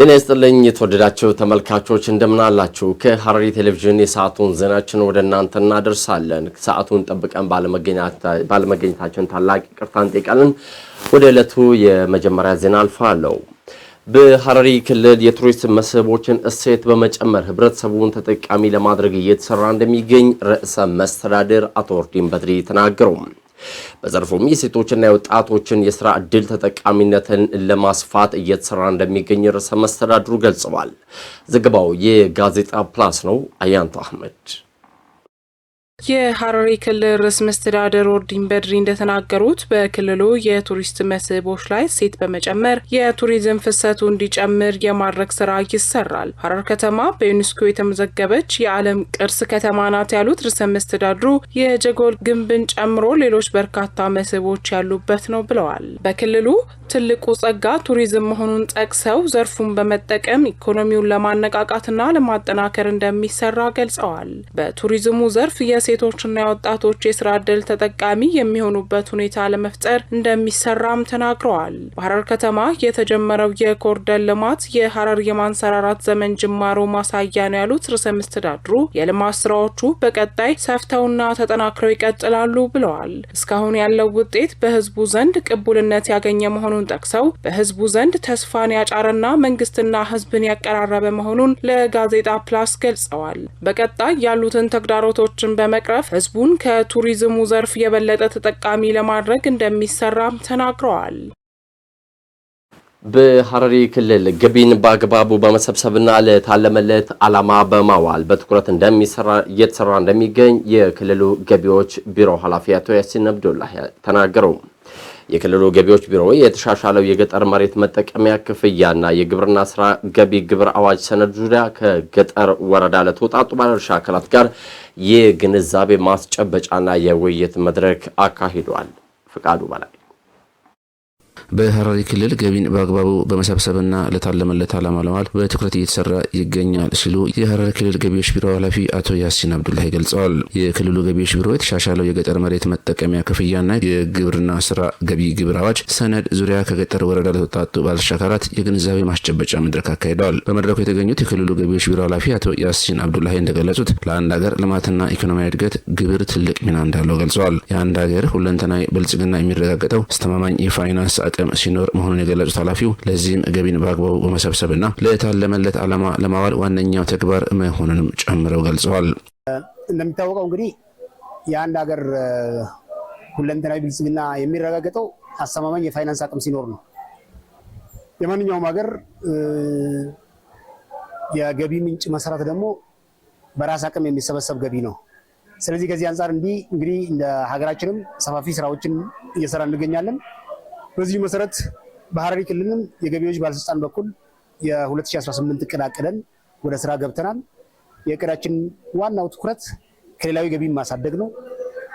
ጤና ይስጥልኝ የተወደዳችሁ ተመልካቾች እንደምናላችሁ። ከሐረሪ ቴሌቪዥን የሰዓቱን ዜናችን ወደ እናንተ እናደርሳለን። ሰዓቱን ጠብቀን ባለመገኘታችን ታላቅ ይቅርታ እንጠይቃለን። ወደ ዕለቱ የመጀመሪያ ዜና አልፋለሁ። በሐረሪ ክልል የቱሪስት መስህቦችን እሴት በመጨመር ህብረተሰቡን ተጠቃሚ ለማድረግ እየተሰራ እንደሚገኝ ርዕሰ መስተዳድር አቶ ወርዲን በድሪ ተናገሩ። በዘርፉም የሴቶችና የወጣቶችን የስራ እድል ተጠቃሚነትን ለማስፋት እየተሰራ እንደሚገኝ ርዕሰ መስተዳድሩ ገልጸዋል። ዘገባው የጋዜጣ ፕላስ ነው። አያንቱ አህመድ የሀረሪ ክልል ርዕሰ መስተዳደር ኦርዲን በድሪ እንደተናገሩት በክልሉ የቱሪስት መስህቦች ላይ እሴት በመጨመር የቱሪዝም ፍሰቱ እንዲጨምር የማድረግ ስራ ይሰራል። ሐረር ከተማ በዩኔስኮ የተመዘገበች የዓለም ቅርስ ከተማ ናት ያሉት ርዕሰ መስተዳድሩ የጀጎል ግንብን ጨምሮ ሌሎች በርካታ መስህቦች ያሉበት ነው ብለዋል። በክልሉ ትልቁ ጸጋ ቱሪዝም መሆኑን ጠቅሰው ዘርፉን በመጠቀም ኢኮኖሚውን ለማነቃቃትና ለማጠናከር እንደሚሰራ ገልጸዋል። በቱሪዝሙ ዘርፍ የሴቶችና የወጣቶች የስራ እድል ተጠቃሚ የሚሆኑበት ሁኔታ ለመፍጠር እንደሚሰራም ተናግረዋል። በሐረር ከተማ የተጀመረው የኮሪደር ልማት የሐረር የማንሰራራት ዘመን ጅማሮ ማሳያ ነው ያሉት ርዕሰ መስተዳድሩ የልማት ስራዎቹ በቀጣይ ሰፍተውና ተጠናክረው ይቀጥላሉ ብለዋል። እስካሁን ያለው ውጤት በህዝቡ ዘንድ ቅቡልነት ያገኘ መሆኑን ጠቅሰው በህዝቡ ዘንድ ተስፋን ያጫረና መንግስትና ህዝብን ያቀራረበ መሆኑን ለጋዜጣ ፕላስ ገልጸዋል። በቀጣይ ያሉትን ተግዳሮቶችን በመ በመቅረፍ ህዝቡን ከቱሪዝሙ ዘርፍ የበለጠ ተጠቃሚ ለማድረግ እንደሚሰራም ተናግረዋል። በሐረሪ ክልል ገቢን በአግባቡ በመሰብሰብና ለታለመለት ዓላማ በማዋል በትኩረት እየተሰራ እንደሚገኝ የክልሉ ገቢዎች ቢሮ ኃላፊ አቶ ያሲን አብዱላህ ተናገሩ። የክልሉ ገቢዎች ቢሮ የተሻሻለው የገጠር መሬት መጠቀሚያ ክፍያና የግብርና ስራ ገቢ ግብር አዋጅ ሰነድ ዙሪያ ከገጠር ወረዳ ለተወጣጡ ባለድርሻ አካላት ጋር የግንዛቤ ማስጨበጫና የውይይት መድረክ አካሂዷል። ፍቃዱ በላይ በሐረሪ ክልል ገቢን በአግባቡ በመሰብሰብና ለታለመለት ዓላማ ለማዋል በትኩረት እየተሰራ ይገኛል ሲሉ የሐረሪ ክልል ገቢዎች ቢሮ ኃላፊ አቶ ያሲን አብዱላሂ ገልጸዋል። የክልሉ ገቢዎች ቢሮ የተሻሻለው የገጠር መሬት መጠቀሚያ ክፍያና የግብርና ስራ ገቢ ግብር አዋጅ ሰነድ ዙሪያ ከገጠር ወረዳ ለተወጣጡ ባለድርሻ አካላት የግንዛቤ ማስጨበጫ መድረክ አካሂደዋል። በመድረኩ የተገኙት የክልሉ ገቢዎች ቢሮ ኃላፊ አቶ ያሲን አብዱላሂ እንደገለጹት ለአንድ ሀገር ልማትና ኢኮኖሚያዊ እድገት ግብር ትልቅ ሚና እንዳለው ገልጸዋል። የአንድ ሀገር ሁለንተናዊ ብልጽግና የሚረጋገጠው አስተማማኝ የፋይናንስ አቅ ጥቅም ሲኖር መሆኑን የገለጹት ኃላፊው ለዚህም ገቢን በአግባቡ በመሰብሰብና ለታለመለት ዓላማ ለማዋል ዋነኛው ተግባር መሆኑንም ጨምረው ገልጸዋል። እንደሚታወቀው እንግዲህ የአንድ ሀገር ሁለንተናዊ ብልጽግና የሚረጋገጠው አስተማማኝ የፋይናንስ አቅም ሲኖር ነው። የማንኛውም ሀገር የገቢ ምንጭ መሰረት ደግሞ በራስ አቅም የሚሰበሰብ ገቢ ነው። ስለዚህ ከዚህ አንጻር እንዲህ እንግዲህ እንደ ሀገራችንም ሰፋፊ ስራዎችን እየሰራ እንገኛለን። በዚሁ መሰረት በሐረሪ ክልልም የገቢዎች ባለስልጣን በኩል የ2018 እቅድ አቅደን ወደ ስራ ገብተናል። የእቅዳችን ዋናው ትኩረት ከሌላዊ ገቢ ማሳደግ ነው።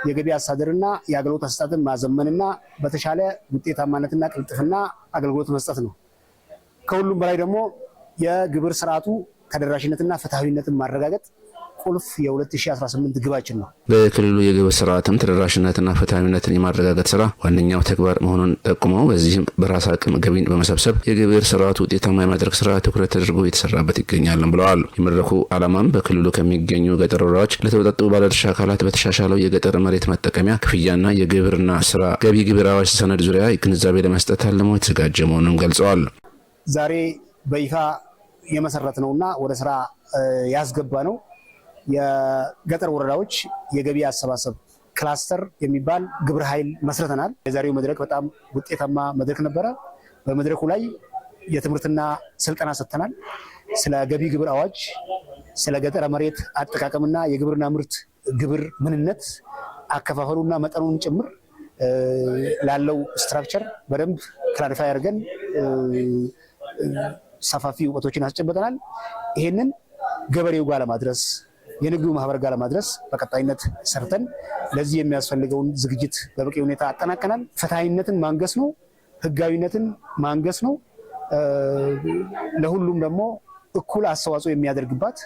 የገቢ አስተዳደርና የአገልግሎት አሰጣጥን ማዘመንና በተሻለ ውጤታማነትና ቅልጥፍና አገልግሎት መስጠት ነው። ከሁሉም በላይ ደግሞ የግብር ስርዓቱ ተደራሽነትና ፍትሐዊነትን ማረጋገጥ ቁልፍ የ2018 ግባችን ነው። በክልሉ የግብር ስርዓትም ተደራሽነትና ፍትሐዊነትን የማረጋገጥ ስራ ዋነኛው ተግባር መሆኑን ጠቁመው በዚህም በራስ አቅም ገቢን በመሰብሰብ የግብር ስርዓቱ ውጤታማ የማድረግ ስራ ትኩረት ተደርጎ የተሰራበት ይገኛልም ብለዋል። የመድረኩ ዓላማም በክልሉ ከሚገኙ ገጠር ወረዳዎች ለተወጣጡ ባለድርሻ አካላት በተሻሻለው የገጠር መሬት መጠቀሚያ ክፍያና የግብርና ስራ ገቢ ግብር አዋጅ ሰነድ ዙሪያ ግንዛቤ ለመስጠት አልሞ የተዘጋጀ መሆኑን ገልጸዋል። ዛሬ በይፋ የመሰረት ነውና ወደ ስራ ያስገባ ነው። የገጠር ወረዳዎች የገቢ አሰባሰብ ክላስተር የሚባል ግብረ ኃይል መስርተናል። የዛሬው መድረክ በጣም ውጤታማ መድረክ ነበረ። በመድረኩ ላይ የትምህርትና ስልጠና ሰጥተናል። ስለ ገቢ ግብር አዋጅ፣ ስለ ገጠረ መሬት አጠቃቀምና የግብርና ምርት ግብር ምንነት አከፋፈሉና መጠኑን ጭምር ላለው ስትራክቸር በደንብ ክላሪፋይ አድርገን ሰፋፊ እውቀቶችን አስጨብጠናል። ይሄንን ገበሬው ጋር ለማድረስ የንግዱ ማህበር ጋር ለማድረስ በቀጣይነት ሰርተን ለዚህ የሚያስፈልገውን ዝግጅት በበቂ ሁኔታ አጠናቀናል። ፍትሐዊነትን ማንገስ ነው፣ ህጋዊነትን ማንገስ ነው። ለሁሉም ደግሞ እኩል አስተዋጽኦ የሚያደርግባት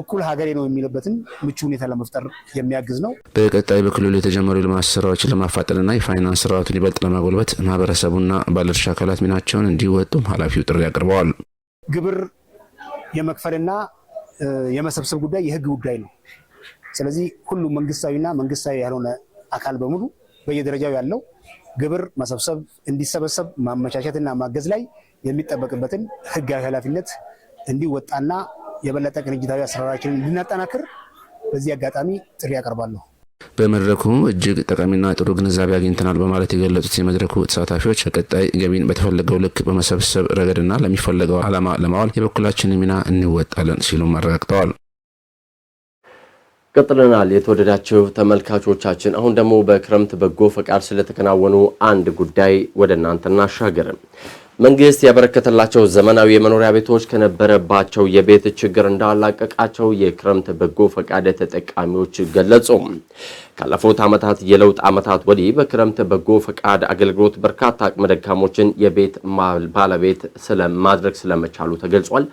እኩል ሀገሬ ነው የሚልበትን ምቹ ሁኔታ ለመፍጠር የሚያግዝ ነው። በቀጣይ በክልሉ የተጀመሩ የልማት ስራዎችን ለማፋጠንና የፋይናንስ ስርዓቱን ይበልጥ ለማጎልበት ማህበረሰቡና ባለድርሻ አካላት ሚናቸውን እንዲወጡም ኃላፊው ጥሪ አቅርበዋል። ግብር የመክፈልና የመሰብሰብ ጉዳይ የህግ ጉዳይ ነው። ስለዚህ ሁሉም መንግስታዊና መንግስታዊ ያልሆነ አካል በሙሉ በየደረጃው ያለው ግብር መሰብሰብ እንዲሰበሰብ ማመቻቸትና ማገዝ ላይ የሚጠበቅበትን ህጋዊ ኃላፊነት እንዲወጣና የበለጠ ቅንጅታዊ አሰራራችንን እንድናጠናክር በዚህ አጋጣሚ ጥሪ ያቀርባለሁ። በመድረኩ እጅግ ጠቃሚና ጥሩ ግንዛቤ አግኝተናል በማለት የገለጹት የመድረኩ ተሳታፊዎች በቀጣይ ገቢን በተፈለገው ልክ በመሰብሰብ ረገድና ለሚፈለገው ዓላማ ለማዋል የበኩላችን ሚና እንወጣለን ሲሉም አረጋግጠዋል። ቀጥለናል። የተወደዳችሁ ተመልካቾቻችን፣ አሁን ደግሞ በክረምት በጎ ፈቃድ ስለተከናወኑ አንድ ጉዳይ ወደ እናንተ እናሻገርም። መንግስት ያበረከተላቸው ዘመናዊ የመኖሪያ ቤቶች ከነበረባቸው የቤት ችግር እንዳላቀቃቸው የክረምት በጎ ፈቃድ ተጠቃሚዎች ገለጹ። ካለፉት ዓመታት የለውጥ ዓመታት ወዲህ በክረምት በጎ ፈቃድ አገልግሎት በርካታ አቅመ ደካሞችን የቤት ባለቤት ማድረግ ስለመቻሉ ተገልጿል።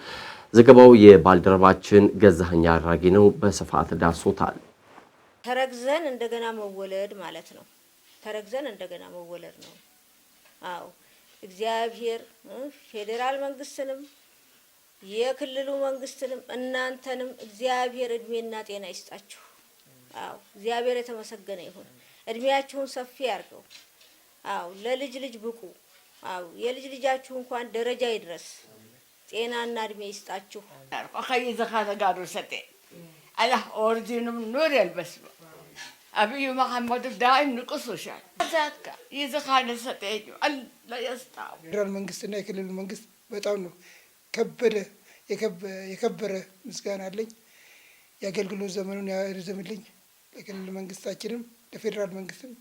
ዘገባው የባልደረባችን ገዛኸኝ አድራጊ ነው፣ በስፋት ዳሶታል። ተረግዘን እንደገና መወለድ ማለት ነው። ተረግዘን እንደገና መወለድ ነው። አዎ እግዚአብሔር ፌዴራል መንግስትንም የክልሉ መንግስትንም እናንተንም እግዚአብሔር እድሜና ጤና ይስጣችሁ። አዎ እግዚአብሔር የተመሰገነ ይሁን። እድሜያችሁን ሰፊ ያርገው። አዎ ለልጅ ልጅ ብቁ። አዎ የልጅ ልጃችሁ እንኳን ደረጃ ይድረስ። ጤናና እድሜ ይስጣችሁ። ከይዘካ ተጋሩ ሰጤ አላ ኦርዲኑም ኑር የልበስበ አብዩ መሐመድ ዳይም ንቅሱሻል ዛካ ይዝኻነ ሰጠኝ አላ የስታ ፌደራል መንግስትና የክልሉ መንግስት በጣም ነው ከበደ የከበረ ምስጋና አለኝ። የአገልግሎት ዘመኑን ያርዝምልኝ። ለክልል መንግስታችንም ለፌዴራል መንግስትም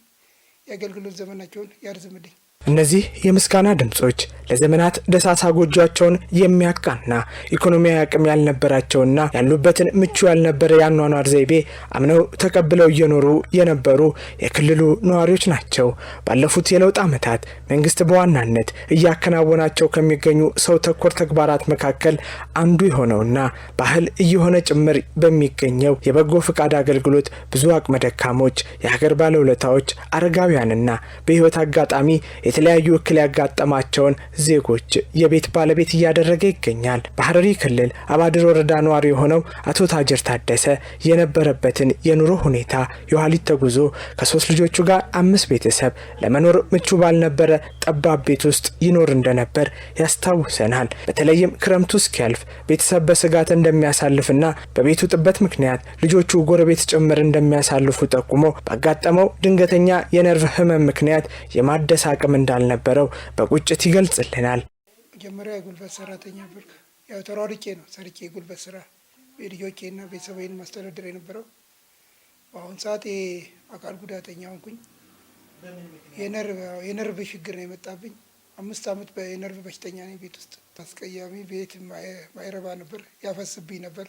የአገልግሎት ዘመናቸውን ያርዝምልኝ። እነዚህ የምስጋና ድምፆች ለዘመናት ደሳሳ ጎጆቸውን የሚያቃና ኢኮኖሚያዊ አቅም ያልነበራቸውና ያሉበትን ምቹ ያልነበረ የአኗኗር ዘይቤ አምነው ተቀብለው እየኖሩ የነበሩ የክልሉ ነዋሪዎች ናቸው። ባለፉት የለውጥ ዓመታት መንግስት በዋናነት እያከናወናቸው ከሚገኙ ሰው ተኮር ተግባራት መካከል አንዱ የሆነውና ባህል እየሆነ ጭምር በሚገኘው የበጎ ፈቃድ አገልግሎት ብዙ አቅመ ደካሞች፣ የሀገር ባለውለታዎች፣ አረጋውያንና በህይወት አጋጣሚ የተለያዩ እክል ያጋጠማቸውን ዜጎች የቤት ባለቤት እያደረገ ይገኛል። በሀረሪ ክልል አባድር ወረዳ ነዋሪ የሆነው አቶ ታጀር ታደሰ የነበረበትን የኑሮ ሁኔታ የኋሊት ተጉዞ ከሶስት ልጆቹ ጋር አምስት ቤተሰብ ለመኖር ምቹ ባልነበረ ጠባብ ቤት ውስጥ ይኖር እንደነበር ያስታውሰናል። በተለይም ክረምቱ እስኪያልፍ ቤተሰብ በስጋት እንደሚያሳልፍና በቤቱ ጥበት ምክንያት ልጆቹ ጎረቤት ጭምር እንደሚያሳልፉ ጠቁሞ ባጋጠመው ድንገተኛ የነርቭ ህመም ምክንያት የማደስ አቅም እንዳልነበረው በቁጭት ይገልጽልናል። መጀመሪያ የጉልበት ሰራተኛ ብር ያው ተሯርጬ ነው ሰርቼ የጉልበት ስራ ልጆቼና ቤተሰቤን ማስተዳደር የነበረው። በአሁን ሰዓት የአካል ጉዳተኛ ሆንኩኝ። የነርቭ ችግር ነው የመጣብኝ። አምስት አመት የነርቭ በሽተኛ ነኝ። ቤት ውስጥ አስቀያሚ ቤት ማይረባ ነበር፣ ያፈስብኝ ነበር።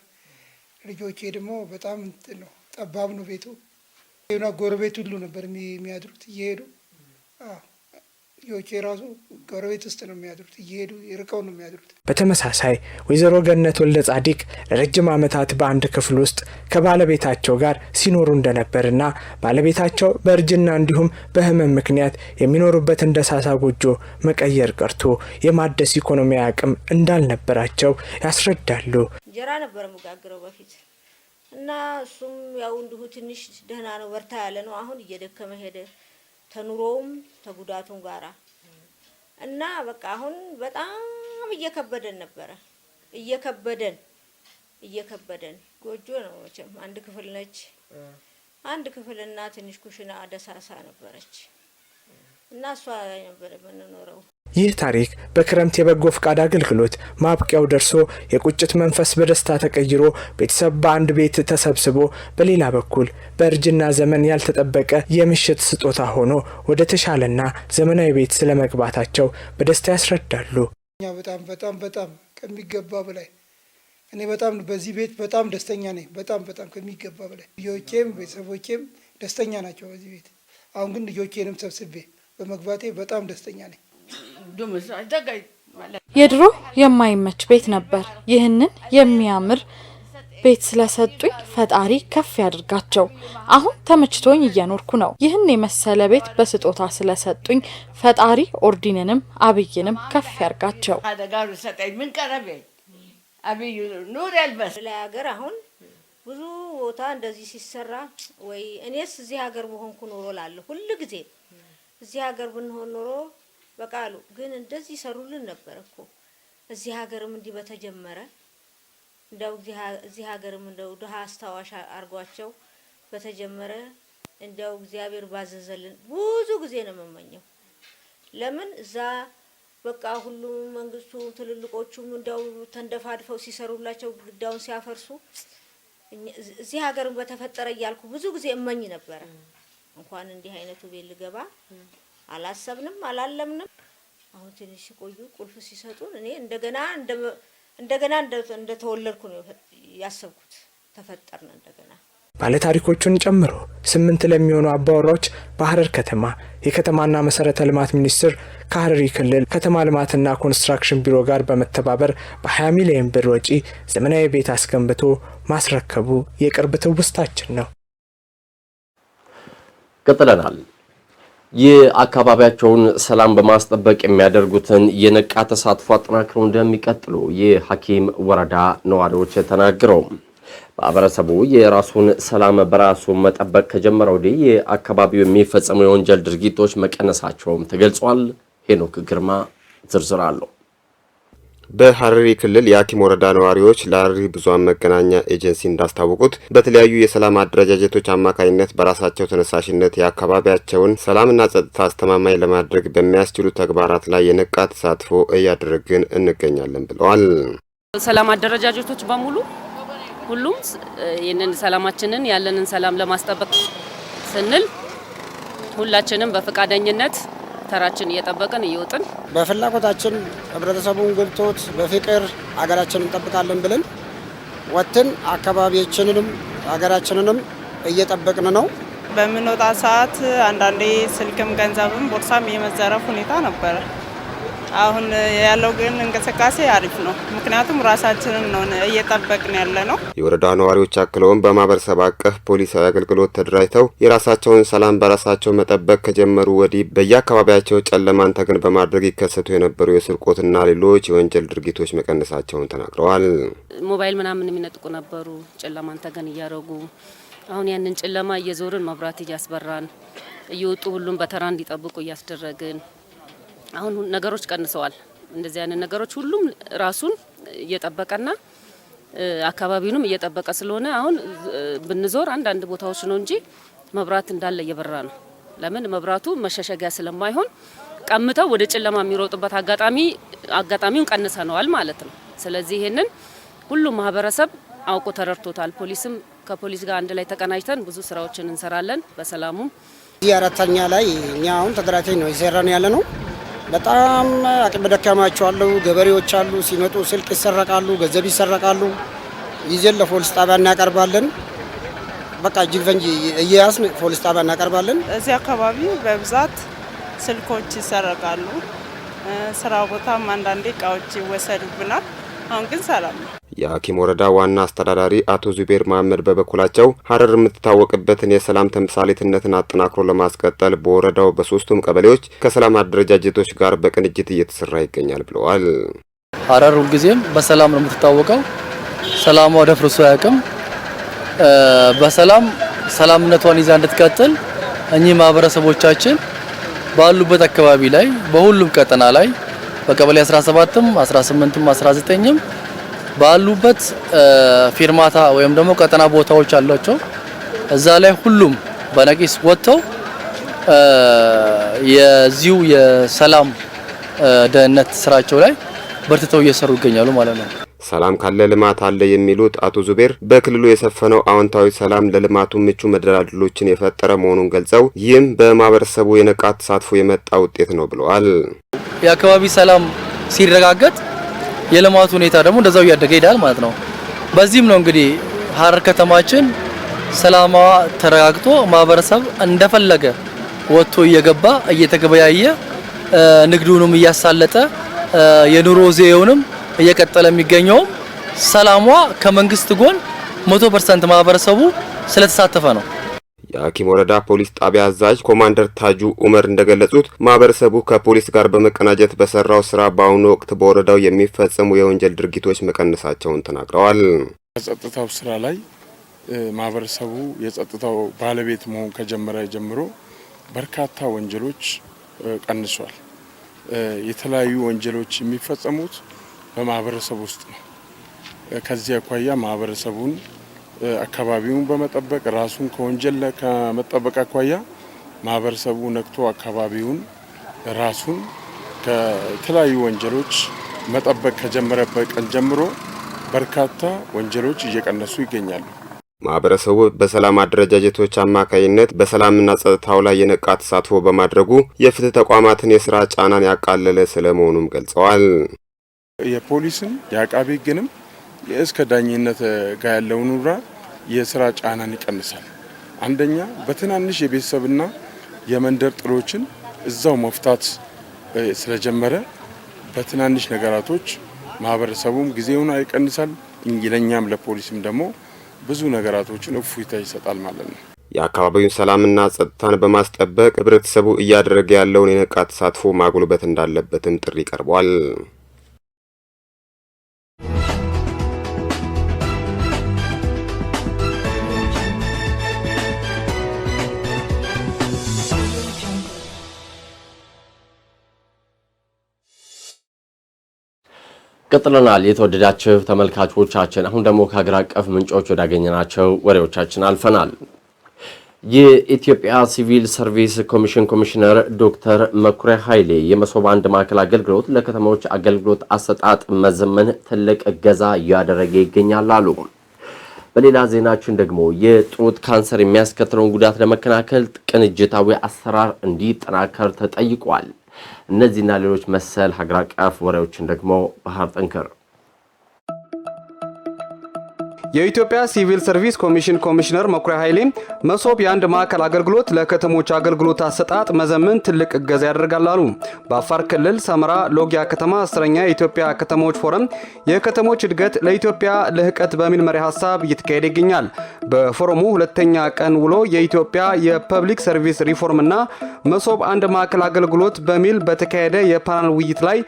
ልጆቼ ደግሞ በጣም እንትን ነው፣ ጠባብ ነው ቤቱ። ጎረቤት ሁሉ ነበር የሚያድሩት እየሄዱ ዮቼ ራሱ ጎረቤት ውስጥ ነው የሚያድሩት፣ እየሄዱ ይርቀው ነው የሚያድሩት። በተመሳሳይ ወይዘሮ ገነት ወልደ ጻዲቅ ለረጅም ዓመታት በአንድ ክፍል ውስጥ ከባለቤታቸው ጋር ሲኖሩ እንደነበርና ባለቤታቸው በእርጅና እንዲሁም በህመም ምክንያት የሚኖሩበት እንደሳሳ ጎጆ መቀየር ቀርቶ የማደስ ኢኮኖሚ አቅም እንዳልነበራቸው ያስረዳሉ። እንጀራ ነበር መጋግረው በፊት እና እሱም ያው እንዲሁ ትንሽ ደህና ነው በርታ ያለ ነው። አሁን እየደከመ ሄደ። ተኑሮውም ተጉዳቱም ጋራ እና በቃ አሁን በጣም እየከበደን ነበረ እየከበደን እየከበደን ጎጆ ነው መቼም አንድ ክፍል ነች። አንድ ክፍል እና ትንሽ ኩሽና ደሳሳ ነበረች እና እሷ ነበር የምንኖረው። ይህ ታሪክ በክረምት የበጎ ፈቃድ አገልግሎት ማብቂያው ደርሶ የቁጭት መንፈስ በደስታ ተቀይሮ ቤተሰብ በአንድ ቤት ተሰብስቦ፣ በሌላ በኩል በእርጅና ዘመን ያልተጠበቀ የምሽት ስጦታ ሆኖ ወደ ተሻለና ዘመናዊ ቤት ስለመግባታቸው በደስታ ያስረዳሉ። በጣም በጣም በጣም ከሚገባ በላይ እኔ በጣም በዚህ ቤት በጣም ደስተኛ ነኝ። በጣም በጣም ከሚገባ በላይ ልጆቼም ቤተሰቦቼም ደስተኛ ናቸው በዚህ ቤት። አሁን ግን ልጆቼንም ሰብስቤ በመግባቴ በጣም ደስተኛ ነኝ። የድሮ የማይመች ቤት ነበር። ይህንን የሚያምር ቤት ስለሰጡኝ ፈጣሪ ከፍ ያድርጋቸው። አሁን ተመችቶኝ እየኖርኩ ነው። ይህን የመሰለ ቤት በስጦታ ስለሰጡኝ ፈጣሪ ኦርዲንንም አብይንም ከፍ ያድርጋቸው። አብይ ኑር ያልበስ ለሀገር አሁን ብዙ ቦታ እንደዚህ ሲሰራ ወይ እኔስ እዚህ ሀገር በሆንኩ ኖሮ ላለሁ ሁል ጊዜ እዚህ ሀገር ብንሆን ኖሮ በቃሉ ግን እንደዚህ ይሰሩልን ነበር እኮ እዚህ ሀገርም እንዲህ በተጀመረ እንደው እዚህ ሀገርም እንደው ድሀ አስታዋሽ አርጓቸው በተጀመረ እንደው እግዚአብሔር ባዘዘልን ብዙ ጊዜ ነው የምመኘው። ለምን እዛ በቃ ሁሉም መንግስቱ ትልልቆቹም እንደው ተንደፋድፈው ሲሰሩላቸው ግዳውን ሲያፈርሱ እዚህ ሀገርም በተፈጠረ እያልኩ ብዙ ጊዜ እመኝ ነበረ። እንኳን እንዲህ አይነቱ ቤት ልገባ አላሰብንም፣ አላለምንም። አሁን ትንሽ ሲቆዩ ቁልፍ ሲሰጡን እኔ እንደገና እንደገና እንደተወለድኩ ነው ያሰብኩት። ተፈጠርን እንደገና። ባለታሪኮቹን ጨምሮ ስምንት ለሚሆኑ አባወራዎች በሀረር ከተማ የከተማና መሰረተ ልማት ሚኒስቴር ከሀረሪ ክልል ከተማ ልማትና ኮንስትራክሽን ቢሮ ጋር በመተባበር በ20 ሚሊዮን ብር ወጪ ዘመናዊ ቤት አስገንብቶ ማስረከቡ የቅርብ ትውስታችን ነው። ቀጥለናል። የአካባቢያቸውን ሰላም በማስጠበቅ የሚያደርጉትን የነቃ ተሳትፎ አጠናክረው እንደሚቀጥሉ የሐኪም ወረዳ ነዋሪዎች ተናግረው ማህበረሰቡ የራሱን ሰላም በራሱ መጠበቅ ከጀመረ ወዲህ የአካባቢው የሚፈጸሙ የወንጀል ድርጊቶች መቀነሳቸውም ተገልጿል። ሄኖክ ግርማ ዝርዝር አለው። በሐረሪ ክልል የአኪም ወረዳ ነዋሪዎች ለሀረሪ ብዙን መገናኛ ኤጀንሲ እንዳስታወቁት በተለያዩ የሰላም አደረጃጀቶች አማካኝነት በራሳቸው ተነሳሽነት የአካባቢያቸውን ሰላምና ጸጥታ አስተማማኝ ለማድረግ በሚያስችሉ ተግባራት ላይ የነቃ ተሳትፎ እያደረግን እንገኛለን ብለዋል። ሰላም አደረጃጀቶች በሙሉ ሁሉም ይህንን ሰላማችንን ያለንን ሰላም ለማስጠበቅ ስንል ሁላችንም በፈቃደኝነት ተራችን እየጠበቅን እየወጥን በፍላጎታችን ህብረተሰቡን ገብቶት በፍቅር አገራችን እንጠብቃለን ብለን ወጥን አካባቢያችንንም ሀገራችንንም እየጠበቅን ነው። በምንወጣ ሰዓት አንዳንዴ ስልክም ገንዘብም ቦርሳም የመዘረፍ ሁኔታ ነበረ። አሁን ያለው ግን እንቅስቃሴ አሪፍ ነው። ምክንያቱም ራሳችንን ነው እየጠበቅን ያለ ነው። የወረዳ ነዋሪዎች አክለውን በማህበረሰብ አቀፍ ፖሊሳዊ አገልግሎት ተደራጅተው የራሳቸውን ሰላም በራሳቸው መጠበቅ ከጀመሩ ወዲህ በየአካባቢያቸው ጨለማን ተገን በማድረግ ይከሰቱ የነበሩ የስርቆትና ሌሎች የወንጀል ድርጊቶች መቀነሳቸውን ተናግረዋል። ሞባይል ምናምን የሚነጥቁ ነበሩ ጨለማን ተገን እያደረጉ አሁን ያንን ጨለማ እየዞርን መብራት እያስበራን እየወጡ ሁሉም በተራ እንዲጠብቁ እያስደረግን አሁን ነገሮች ቀንሰዋል። እንደዚህ አይነት ነገሮች ሁሉም ራሱን እየጠበቀና አካባቢውንም እየጠበቀ ስለሆነ አሁን ብንዞር አንዳንድ ቦታዎች ነው እንጂ መብራት እንዳለ እየበራ ነው። ለምን መብራቱ መሸሸጊያ ስለማይሆን ቀምተው ወደ ጨለማ የሚሮጡበት አጋጣሚ አጋጣሚውን ቀንሰነዋል ማለት ነው። ስለዚህ ይሄንን ሁሉም ማህበረሰብ አውቆ ተረድቶታል። ፖሊስም ከፖሊስ ጋር አንድ ላይ ተቀናጅተን ብዙ ስራዎችን እንሰራለን። በሰላሙም እዚህ አራተኛ ላይ እኛ አሁን ተደራጅተን ነው ነው ያለ ነው በጣም አቅም ደካማቸዋለሁ። ገበሬዎች አሉ። ሲመጡ ስልክ ይሰረቃሉ፣ ገንዘብ ይሰረቃሉ። ይዘን ለፖሊስ ጣቢያ እናቀርባለን። በቃ እጅግ ፈንጂ እየያዝን ፖሊስ ጣቢያ እናቀርባለን። እዚህ አካባቢ በብዛት ስልኮች ይሰረቃሉ። ስራ ቦታም አንዳንዴ እቃዎች ይወሰዱብናል። አሁን ግን ሰላም ነው። የሐኪም ወረዳ ዋና አስተዳዳሪ አቶ ዙቤር መሀመድ በበኩላቸው ሀረር የምትታወቅበትን የሰላም ተምሳሌትነትን አጠናክሮ ለማስቀጠል በወረዳው በሶስቱም ቀበሌዎች ከሰላም አደረጃጀቶች ጋር በቅንጅት እየተሰራ ይገኛል ብለዋል። ሀረር ሁልጊዜም በሰላም ነው የምትታወቀው። ሰላሟ ደፍርሶ አያውቅም። በሰላም ሰላምነቷን ይዛ እንድትቀጥል እኚህ ማህበረሰቦቻችን ባሉበት አካባቢ ላይ በሁሉም ቀጠና ላይ በቀበሌ 17ም 18ም 19ም ባሉበት ፊርማታ ወይም ደግሞ ቀጠና ቦታዎች አሏቸው። እዛ ላይ ሁሉም በነቂስ ወጥተው የዚሁ የሰላም ደህንነት ስራቸው ላይ በርትተው እየሰሩ ይገኛሉ ማለት ነው። ሰላም ካለ ልማት አለ የሚሉት አቶ ዙቤር በክልሉ የሰፈነው አዎንታዊ ሰላም ለልማቱ ምቹ መደላድሎችን የፈጠረ መሆኑን ገልጸው ይህም በማህበረሰቡ የነቃት ተሳትፎ የመጣ ውጤት ነው ብለዋል። የአካባቢ ሰላም ሲረጋገጥ የልማቱ ሁኔታ ደግሞ እንደዛው እያደገ ይሄዳል ማለት ነው። በዚህም ነው እንግዲህ ሀረር ከተማችን ሰላማ ተረጋግጦ ማህበረሰብ እንደፈለገ ወጥቶ እየገባ እየተገበያየ ንግዱንም እያሳለጠ የኑሮ ዜውንም እየቀጠለ የሚገኘውም ሰላሟ ከመንግስት ጎን መቶ ፐርሰንት ማህበረሰቡ ስለተሳተፈ ነው። የሐኪም ወረዳ ፖሊስ ጣቢያ አዛዥ ኮማንደር ታጁ ኡመር እንደገለጹት ማህበረሰቡ ከፖሊስ ጋር በመቀናጀት በሰራው ስራ በአሁኑ ወቅት በወረዳው የሚፈጸሙ የወንጀል ድርጊቶች መቀነሳቸውን ተናግረዋል። ጸጥታው ስራ ላይ ማህበረሰቡ የጸጥታው ባለቤት መሆን ከጀመረ ጀምሮ በርካታ ወንጀሎች ቀንሷል። የተለያዩ ወንጀሎች የሚፈጸሙት በማህበረሰብ ውስጥ ነው። ከዚህ አኳያ ማህበረሰቡን አካባቢውን በመጠበቅ ራሱን ከወንጀል ከመጠበቅ አኳያ ማህበረሰቡ ነቅቶ አካባቢውን ራሱን ከተለያዩ ወንጀሎች መጠበቅ ከጀመረበት ቀን ጀምሮ በርካታ ወንጀሎች እየቀነሱ ይገኛሉ። ማህበረሰቡ በሰላም አደረጃጀቶች አማካይነት በሰላምና ጸጥታው ላይ የነቃ ተሳትፎ በማድረጉ የፍትህ ተቋማትን የስራ ጫናን ያቃለለ ስለመሆኑም ገልጸዋል። የፖሊስን የአቃቤ ግንም እስከ ዳኝነት ጋር ያለውን ኑራ የስራ ጫናን ይቀንሳል። አንደኛ በትናንሽ የቤተሰብና የመንደር ጥሎችን እዛው መፍታት ስለጀመረ በትናንሽ ነገራቶች ማህበረሰቡም ጊዜውን አይቀንሳል። ለእኛም ለፖሊስም ደግሞ ብዙ ነገራቶችን እፉይታ ይሰጣል ማለት ነው። የአካባቢውን ሰላምና ጸጥታን በማስጠበቅ ህብረተሰቡ እያደረገ ያለውን የነቃ ተሳትፎ ማጉልበት እንዳለበትም ጥሪ ቀርቧል። ቀጥለናል የተወደዳችሁ ተመልካቾቻችን፣ አሁን ደግሞ ከሀገር አቀፍ ምንጮች ወዳገኘናቸው ወሬዎቻችን አልፈናል። የኢትዮጵያ ሲቪል ሰርቪስ ኮሚሽን ኮሚሽነር ዶክተር መኩሪያ ኃይሌ የመሶብ አንድ ማዕከል አገልግሎት ለከተሞች አገልግሎት አሰጣጥ መዘመን ትልቅ እገዛ እያደረገ ይገኛል አሉ። በሌላ ዜናችን ደግሞ የጡት ካንሰር የሚያስከትለውን ጉዳት ለመከላከል ቅንጅታዊ አሰራር እንዲጠናከር ተጠይቋል። እነዚህና ሌሎች መሰል ሀገር አቀፍ ወሬዎችን ደግሞ ባህር ጠንከር የኢትዮጵያ ሲቪል ሰርቪስ ኮሚሽን ኮሚሽነር መኩሪያ ኃይሌ መሶብ የአንድ ማዕከል አገልግሎት ለከተሞች አገልግሎት አሰጣጥ መዘመን ትልቅ እገዛ ያደርጋል አሉ። በአፋር ክልል ሰመራ ሎጊያ ከተማ አስረኛ የኢትዮጵያ ከተሞች ፎረም የከተሞች እድገት ለኢትዮጵያ ልህቀት በሚል መሪ ሀሳብ እየተካሄደ ይገኛል። በፎረሙ ሁለተኛ ቀን ውሎ የኢትዮጵያ የፐብሊክ ሰርቪስ ሪፎርምና መሶብ አንድ ማዕከል አገልግሎት በሚል በተካሄደ የፓናል ውይይት ላይ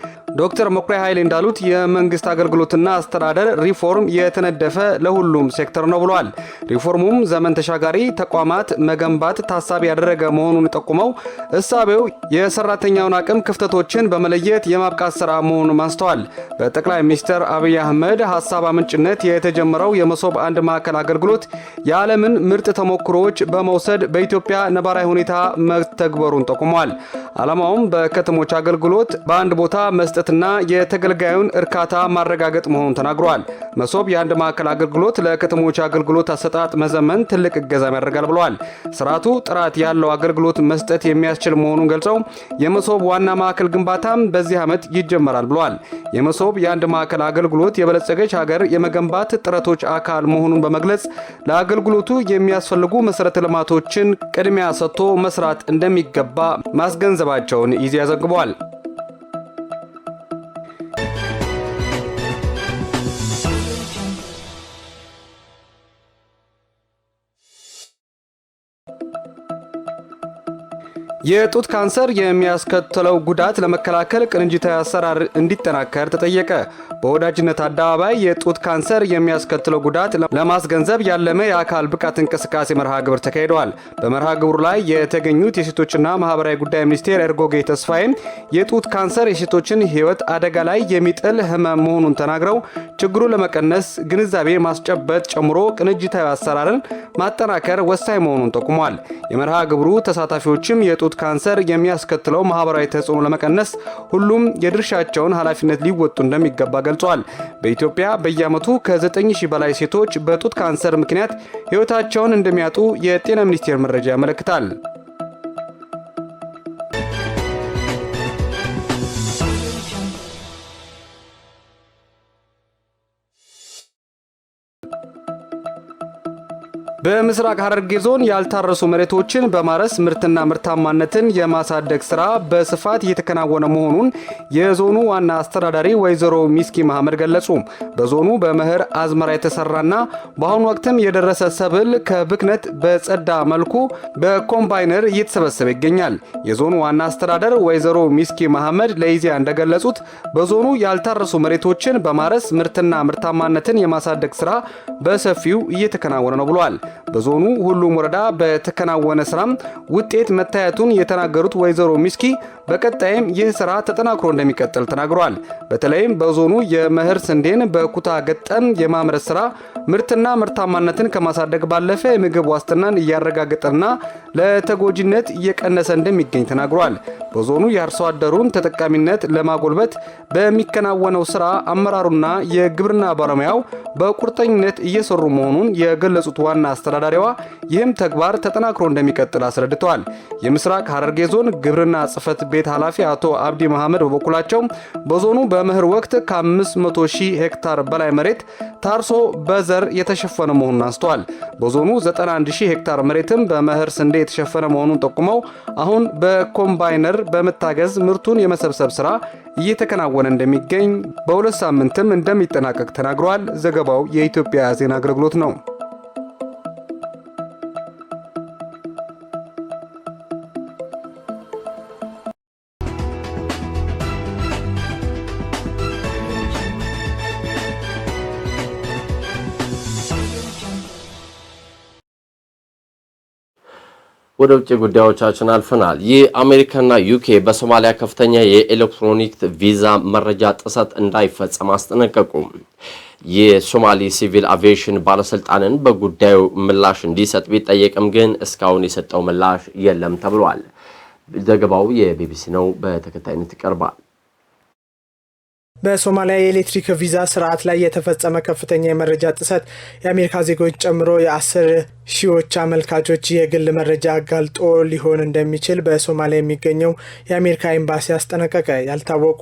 ዶክተር መኩሪያ ኃይሌ እንዳሉት የመንግስት አገልግሎትና አስተዳደር ሪፎርም የተነደፈ ለሁሉም ሴክተር ነው ብለዋል። ሪፎርሙም ዘመን ተሻጋሪ ተቋማት መገንባት ታሳቢ ያደረገ መሆኑን ጠቁመው እሳቤው የሰራተኛውን አቅም ክፍተቶችን በመለየት የማብቃት ስራ መሆኑን አንስተዋል። በጠቅላይ ሚኒስትር አብይ አህመድ ሀሳብ አመንጭነት የተጀመረው የመሶብ አንድ ማዕከል አገልግሎት የዓለምን ምርጥ ተሞክሮዎች በመውሰድ በኢትዮጵያ ነባራዊ ሁኔታ መተግበሩን ጠቁመዋል። ዓላማውም በከተሞች አገልግሎት በአንድ ቦታ መስጠት መስጠትና የተገልጋዩን እርካታ ማረጋገጥ መሆኑን ተናግሯል። መሶብ የአንድ ማዕከል አገልግሎት ለከተሞች አገልግሎት አሰጣጥ መዘመን ትልቅ እገዛም ያደርጋል ብለዋል። ስርዓቱ ጥራት ያለው አገልግሎት መስጠት የሚያስችል መሆኑን ገልጸው የመሶብ ዋና ማዕከል ግንባታም በዚህ ዓመት ይጀመራል ብለዋል። የመሶብ የአንድ ማዕከል አገልግሎት የበለጸገች ሀገር የመገንባት ጥረቶች አካል መሆኑን በመግለጽ ለአገልግሎቱ የሚያስፈልጉ መሰረተ ልማቶችን ቅድሚያ ሰጥቶ መስራት እንደሚገባ ማስገንዘባቸውን ይዜ ዘግቧል። የጡት ካንሰር የሚያስከትለው ጉዳት ለመከላከል ቅንጅታዊ አሰራር እንዲጠናከር ተጠየቀ። በወዳጅነት አደባባይ የጡት ካንሰር የሚያስከትለው ጉዳት ለማስገንዘብ ያለመ የአካል ብቃት እንቅስቃሴ መርሃ ግብር ተካሂደዋል። በመርሃ ግብሩ ላይ የተገኙት የሴቶችና ማህበራዊ ጉዳይ ሚኒስቴር ኤርጎጌ ተስፋዬም የጡት ካንሰር የሴቶችን ሕይወት አደጋ ላይ የሚጥል ህመም መሆኑን ተናግረው ችግሩን ለመቀነስ ግንዛቤ ማስጨበጥ ጨምሮ ቅንጅታዊ አሰራርን ማጠናከር ወሳኝ መሆኑን ጠቁሟል። የመርሃ ግብሩ ተሳታፊዎችም የጡት ካንሰር የሚያስከትለው ማህበራዊ ተጽዕኖ ለመቀነስ ሁሉም የድርሻቸውን ኃላፊነት ሊወጡ እንደሚገባ ገልጿል። በኢትዮጵያ በየዓመቱ ከ9000 በላይ ሴቶች በጡት ካንሰር ምክንያት ሕይወታቸውን እንደሚያጡ የጤና ሚኒስቴር መረጃ ያመለክታል። በምስራቅ ሐረርጌ ዞን ያልታረሱ መሬቶችን በማረስ ምርትና ምርታማነትን የማሳደግ ስራ በስፋት እየተከናወነ መሆኑን የዞኑ ዋና አስተዳዳሪ ወይዘሮ ሚስኪ መሐመድ ገለጹ። በዞኑ በመኸር አዝመራ የተሰራና በአሁኑ ወቅትም የደረሰ ሰብል ከብክነት በጸዳ መልኩ በኮምባይነር እየተሰበሰበ ይገኛል። የዞኑ ዋና አስተዳደር ወይዘሮ ሚስኪ መሐመድ ለኢዜአ እንደገለጹት በዞኑ ያልታረሱ መሬቶችን በማረስ ምርትና ምርታማነትን የማሳደግ ስራ በሰፊው እየተከናወነ ነው ብሏል። በዞኑ ሁሉም ወረዳ በተከናወነ ስራም ውጤት መታየቱን የተናገሩት ወይዘሮ ሚስኪ በቀጣይም ይህ ስራ ተጠናክሮ እንደሚቀጥል ተናግሯል። በተለይም በዞኑ የመኸር ስንዴን በኩታ ገጠም የማምረት ስራ ምርትና ምርታማነትን ከማሳደግ ባለፈ የምግብ ዋስትናን እያረጋገጠና ለተጎጂነት እየቀነሰ እንደሚገኝ ተናግሯል። በዞኑ የአርሶ አደሩን ተጠቃሚነት ለማጎልበት በሚከናወነው ስራ አመራሩና የግብርና ባለሙያው በቁርጠኝነት እየሰሩ መሆኑን የገለጹት ዋና አስተዳዳሪዋ ይህም ተግባር ተጠናክሮ እንደሚቀጥል አስረድተዋል። የምስራቅ ሐረርጌ ዞን ግብርና ጽፈት ቤት ቤት ኃላፊ አቶ አብዲ መሐመድ በበኩላቸው በዞኑ በምህር ወቅት ከ500 ሺህ ሄክታር በላይ መሬት ታርሶ በዘር የተሸፈነ መሆኑን አንስተዋል። በዞኑ 91 ሺህ ሄክታር መሬትም በመኸር ስንዴ የተሸፈነ መሆኑን ጠቁመው አሁን በኮምባይነር በመታገዝ ምርቱን የመሰብሰብ ስራ እየተከናወነ እንደሚገኝ በሁለት ሳምንትም እንደሚጠናቀቅ ተናግረዋል። ዘገባው የኢትዮጵያ ዜና አገልግሎት ነው። ወደ ውጭ ጉዳዮቻችን አልፈናል። ይህ አሜሪካና ዩኬ በሶማሊያ ከፍተኛ የኤሌክትሮኒክ ቪዛ መረጃ ጥሰት እንዳይፈጸም አስጠነቀቁ። የሶማሊ ሲቪል አቪዬሽን ባለስልጣንን በጉዳዩ ምላሽ እንዲሰጥ ቢጠየቅም ግን እስካሁን የሰጠው ምላሽ የለም ተብሏል። ዘገባው የቢቢሲ ነው፣ በተከታይነት ይቀርባል። በሶማሊያ የኤሌክትሪክ ቪዛ ስርዓት ላይ የተፈጸመ ከፍተኛ የመረጃ ጥሰት የአሜሪካ ዜጎች ጨምሮ የአስር ሺዎች አመልካቾች የግል መረጃ አጋልጦ ሊሆን እንደሚችል በሶማሊያ የሚገኘው የአሜሪካ ኤምባሲ አስጠነቀቀ። ያልታወቁ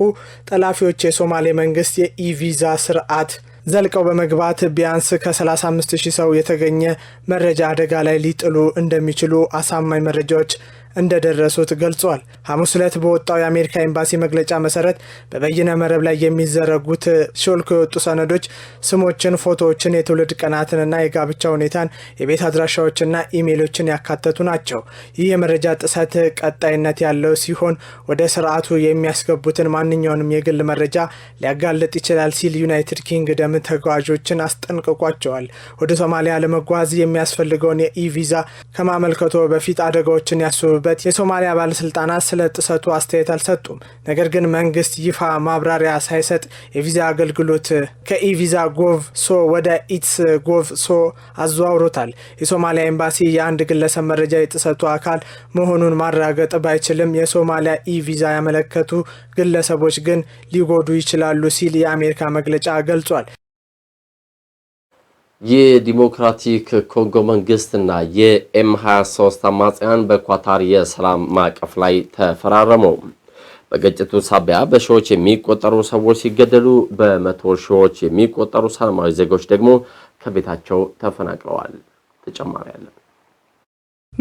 ጠላፊዎች የሶማሌ መንግስት የኢቪዛ ስርዓት ዘልቀው በመግባት ቢያንስ ከ35 ሺህ ሰው የተገኘ መረጃ አደጋ ላይ ሊጥሉ እንደሚችሉ አሳማኝ መረጃዎች እንደደረሱት ገልጿል። ሐሙስ ዕለት በወጣው የአሜሪካ ኤምባሲ መግለጫ መሰረት በበይነ መረብ ላይ የሚዘረጉት ሾልኮ የወጡ ሰነዶች ስሞችን፣ ፎቶዎችን፣ የትውልድ ቀናትንና የጋብቻ ሁኔታን፣ የቤት አድራሻዎችና ኢሜሎችን ያካተቱ ናቸው። ይህ የመረጃ ጥሰት ቀጣይነት ያለው ሲሆን ወደ ስርዓቱ የሚያስገቡትን ማንኛውንም የግል መረጃ ሊያጋልጥ ይችላል ሲል ዩናይትድ ኪንግደም ተጓዦችን አስጠንቅቋቸዋል። ወደ ሶማሊያ ለመጓዝ የሚያስፈልገውን የኢ ቪዛ ከማመልከቶ በፊት አደጋዎችን ያስቡ በሚገኙበት የሶማሊያ ባለስልጣናት ስለ ጥሰቱ አስተያየት አልሰጡም። ነገር ግን መንግስት ይፋ ማብራሪያ ሳይሰጥ የቪዛ አገልግሎት ከኢቪዛ ጎቭ ሶ ወደ ኢትስ ጎቭ ሶ አዘዋውሮታል። የሶማሊያ ኤምባሲ የአንድ ግለሰብ መረጃ የጥሰቱ አካል መሆኑን ማረጋገጥ ባይችልም የሶማሊያ ኢቪዛ ያመለከቱ ግለሰቦች ግን ሊጎዱ ይችላሉ ሲል የአሜሪካ መግለጫ ገልጿል። የዲሞክራቲክ ኮንጎ መንግስትና የኤም 23 አማጽያን በኳታር የሰላም ማዕቀፍ ላይ ተፈራረሙ። በግጭቱ ሳቢያ በሺዎች የሚቆጠሩ ሰዎች ሲገደሉ፣ በመቶ ሺዎች የሚቆጠሩ ሰላማዊ ዜጎች ደግሞ ከቤታቸው ተፈናቅለዋል። ተጨማሪ አለ።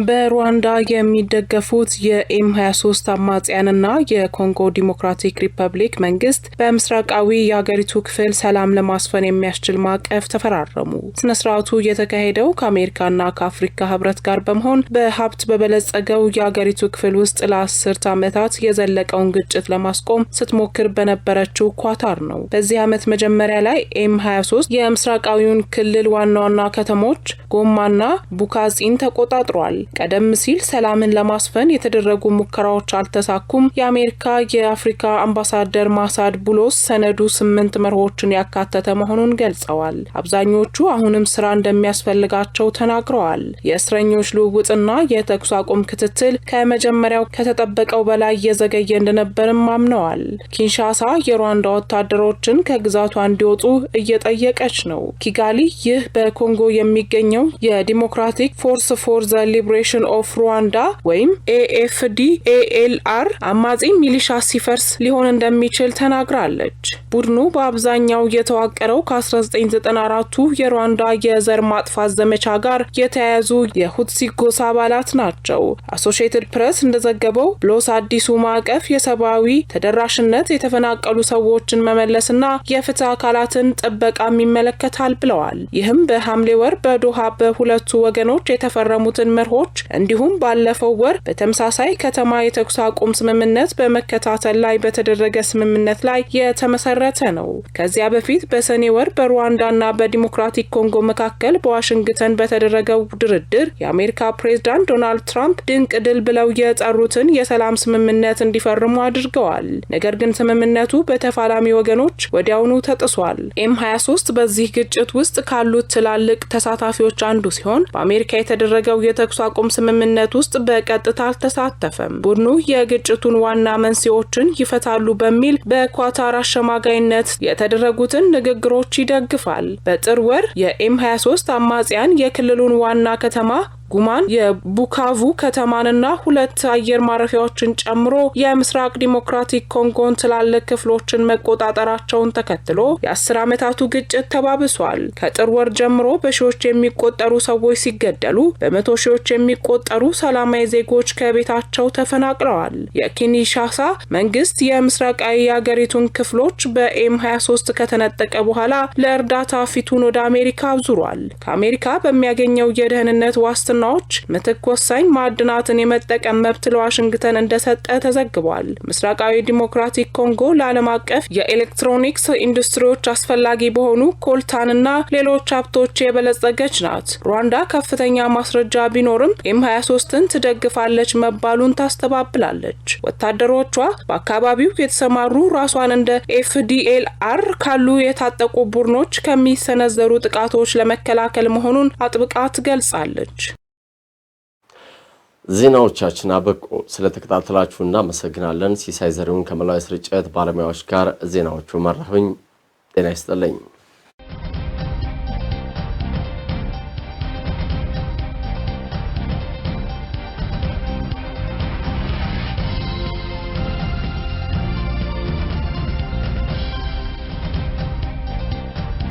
በሩዋንዳ የሚደገፉት የኤም 23 አማጽያንና የኮንጎ ዲሞክራቲክ ሪፐብሊክ መንግስት በምስራቃዊ የአገሪቱ ክፍል ሰላም ለማስፈን የሚያስችል ማዕቀፍ ተፈራረሙ። ስነ ስርዓቱ የተካሄደው ከአሜሪካና ከአፍሪካ ህብረት ጋር በመሆን በሀብት በበለጸገው የአገሪቱ ክፍል ውስጥ ለአስርት ዓመታት የዘለቀውን ግጭት ለማስቆም ስትሞክር በነበረችው ኳታር ነው። በዚህ ዓመት መጀመሪያ ላይ ኤም 23 የምስራቃዊውን ክልል ዋና ዋና ከተሞች ጎማና ቡካጺን ተቆጣጥሯል። ቀደም ሲል ሰላምን ለማስፈን የተደረጉ ሙከራዎች አልተሳኩም። የአሜሪካ የአፍሪካ አምባሳደር ማሳድ ቡሎስ ሰነዱ ስምንት መርሆችን ያካተተ መሆኑን ገልጸዋል። አብዛኞቹ አሁንም ስራ እንደሚያስፈልጋቸው ተናግረዋል። የእስረኞች ልውውጥና የተኩስ አቁም ክትትል ከመጀመሪያው ከተጠበቀው በላይ እየዘገየ እንደነበርም አምነዋል። ኪንሻሳ የሩዋንዳ ወታደሮችን ከግዛቷ እንዲወጡ እየጠየቀች ነው። ኪጋሊ ይህ በኮንጎ የሚገኘው የዲሞክራቲክ ፎርስ ፎር ዘ ሊብሬ ሊበሬሽን ኦፍ ሩዋንዳ ወይም ኤኤፍዲ ኤኤልአር አማጺ ሚሊሻ ሲፈርስ ሊሆን እንደሚችል ተናግራለች። ቡድኑ በአብዛኛው የተዋቀረው ከ1994ቱ የሩዋንዳ የዘር ማጥፋት ዘመቻ ጋር የተያያዙ የሁትሲ ጎሳ አባላት ናቸው። አሶሽየትድ ፕሬስ እንደዘገበው ብሎስ አዲሱ ማዕቀፍ የሰብአዊ ተደራሽነት፣ የተፈናቀሉ ሰዎችን መመለስና የፍትህ አካላትን ጥበቃም ይመለከታል ብለዋል። ይህም በሐምሌ ወር በዶሃ በሁለቱ ወገኖች የተፈረሙትን መርሆ መርሆች እንዲሁም ባለፈው ወር በተመሳሳይ ከተማ የተኩስ አቁም ስምምነት በመከታተል ላይ በተደረገ ስምምነት ላይ የተመሰረተ ነው። ከዚያ በፊት በሰኔ ወር በሩዋንዳና በዲሞክራቲክ ኮንጎ መካከል በዋሽንግተን በተደረገው ድርድር የአሜሪካ ፕሬዝዳንት ዶናልድ ትራምፕ ድንቅ ድል ብለው የጠሩትን የሰላም ስምምነት እንዲፈርሙ አድርገዋል። ነገር ግን ስምምነቱ በተፋላሚ ወገኖች ወዲያውኑ ተጥሷል። ኤም 23 በዚህ ግጭት ውስጥ ካሉት ትላልቅ ተሳታፊዎች አንዱ ሲሆን በአሜሪካ የተደረገው የተኩስ አቁም ስምምነት ውስጥ በቀጥታ አልተሳተፈም። ቡድኑ የግጭቱን ዋና መንስኤዎችን ይፈታሉ በሚል በኳታር አሸማጋይነት የተደረጉትን ንግግሮች ይደግፋል። በጥር ወር የኤም 23 አማጽያን የክልሉን ዋና ከተማ ጉማን የቡካቩ ከተማንና ሁለት አየር ማረፊያዎችን ጨምሮ የምስራቅ ዲሞክራቲክ ኮንጎን ትላልቅ ክፍሎችን መቆጣጠራቸውን ተከትሎ የአስር ዓመታቱ ግጭት ተባብሷል። ከጥር ወር ጀምሮ በሺዎች የሚቆጠሩ ሰዎች ሲገደሉ፣ በመቶ ሺዎች የሚቆጠሩ ሰላማዊ ዜጎች ከቤታቸው ተፈናቅለዋል። የኪኒሻሳ መንግስት የምስራቃዊ የአገሪቱን ክፍሎች በኤም 23 ከተነጠቀ በኋላ ለእርዳታ ፊቱን ወደ አሜሪካ አብዙሯል። ከአሜሪካ በሚያገኘው የደህንነት ዋስትና ዋስትናዎች ምትክ ወሳኝ ማዕድናትን የመጠቀም መብት ለዋሽንግተን እንደሰጠ ተዘግቧል። ምስራቃዊ ዲሞክራቲክ ኮንጎ ለዓለም አቀፍ የኤሌክትሮኒክስ ኢንዱስትሪዎች አስፈላጊ በሆኑ ኮልታንና ሌሎች ሀብቶች የበለጸገች ናት። ሩዋንዳ ከፍተኛ ማስረጃ ቢኖርም ኤም 23ን ትደግፋለች መባሉን ታስተባብላለች። ወታደሮቿ በአካባቢው የተሰማሩ ራሷን እንደ ኤፍዲኤልአር ካሉ የታጠቁ ቡድኖች ከሚሰነዘሩ ጥቃቶች ለመከላከል መሆኑን አጥብቃ ትገልጻለች። ዜናዎቻችን አበቁ። ስለተከታተላችሁ እናመሰግናለን። ሲሳይ ዘሪሁን ከመላዊ ስርጭት ባለሙያዎች ጋር ዜናዎቹ መራሁኝ። ጤና ይስጥልኝ።